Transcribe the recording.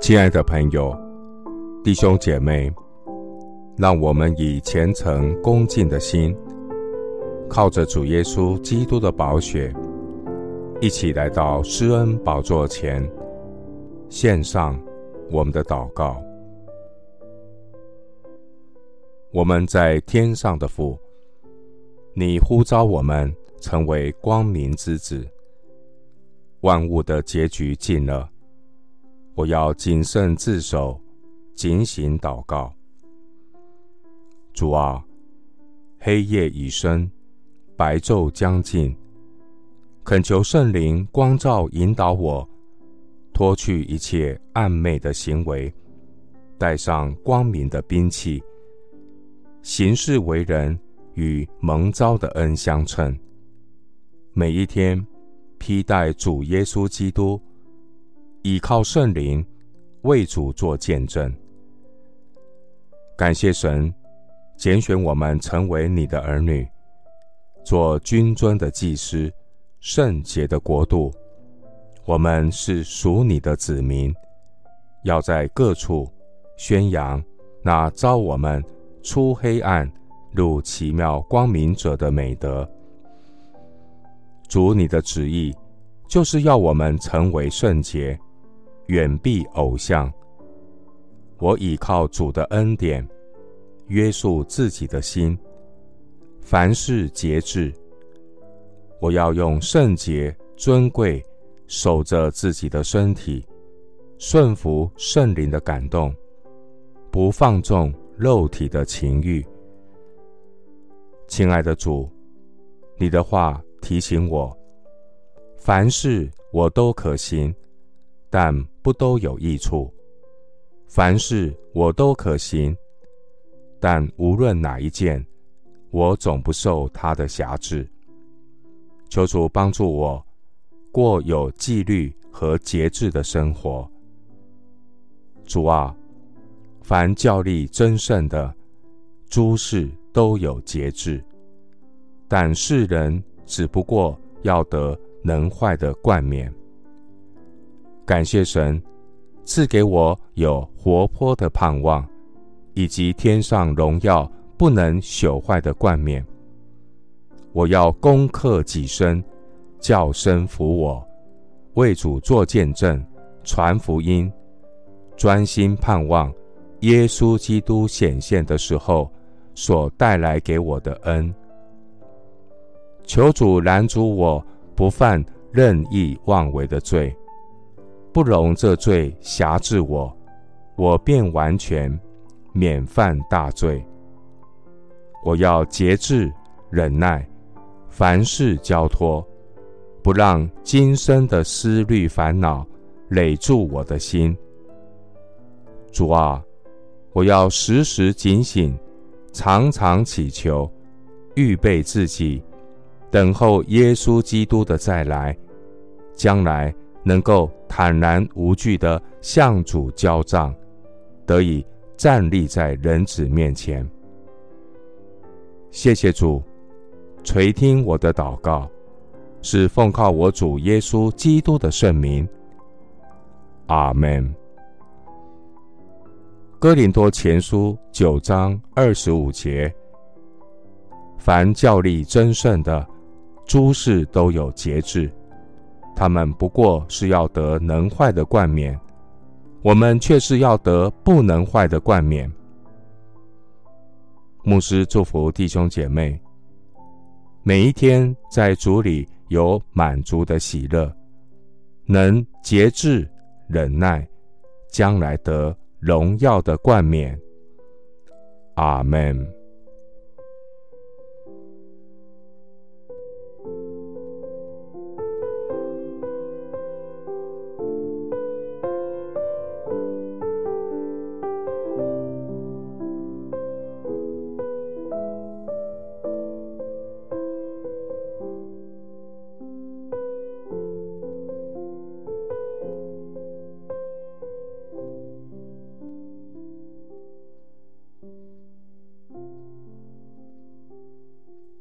親愛的朋友、弟兄姐妹，讓我們以虔誠恭敬的心，靠着主耶穌基督的寶血，一起來到施恩寶座前，獻上我們的禱告。我們在天上的父，你呼召我們成為光明之子，萬物的結局近了。我要謹慎自守，警醒禱告。主啊，黑夜已深，白晝將近，懇求聖靈光照引導我，脫去一切暗昧的行為，帶上光明的兵器，行事為人與蒙召的恩相稱。每一天披戴主耶穌基督。依靠聖靈，為主做見證。感謝神，揀選我們成為你的兒女，做君尊的祭司，聖潔的國度。我們是屬你的子民，要在各處宣揚那召我們出黑暗入奇妙光明者的美德。主，你的旨意就是要我們成為聖潔。遠避偶像，我依靠主的恩典約束自己的心，凡事節制。我要用聖潔、尊貴守着自己的身體，順服聖靈的感動，不放縱肉體的情欲。親愛的主，你的話提醒我，凡事我都可行。但不都有益處，凡事我都可行，但無論哪一件，我總不受他的轄制。求主幫助我過有紀律和節制的生活。主啊，凡較力爭勝的，諸事都有節制，但世人只不過要得能壞的冠冕。感謝神賜給我有活潑的盼望，以及天上榮耀不能朽壞的冠冕。我要攻克己身，叫身服我，為主做見證，傳福音，專心盼望耶穌基督顯現的時候所帶來給我的恩。求主攔阻我不犯任意妄為的罪。不容這罪轄制我，我便完全免犯大罪。我要節制忍耐，凡事交託，不讓今生的思慮煩惱累住我的心。主啊，我要時時警醒，常常祈求，預備自己，等候耶穌基督的再來，將來。能夠坦然無懼的向主交帳，得以站立在人子面前。謝謝主垂聽我的禱告，是奉靠我主耶穌基督的聖名。阿門。哥林多前書九章二十五節：凡較力爭勝的，諸事都有節制。他們不過是要得能壞的冠冕，我們卻是要得不能壞的冠冕。牧師祝福弟兄姐妹，每一天在主裡有滿足的喜樂，能節制忍耐，將來得榮耀的冠冕。阿門。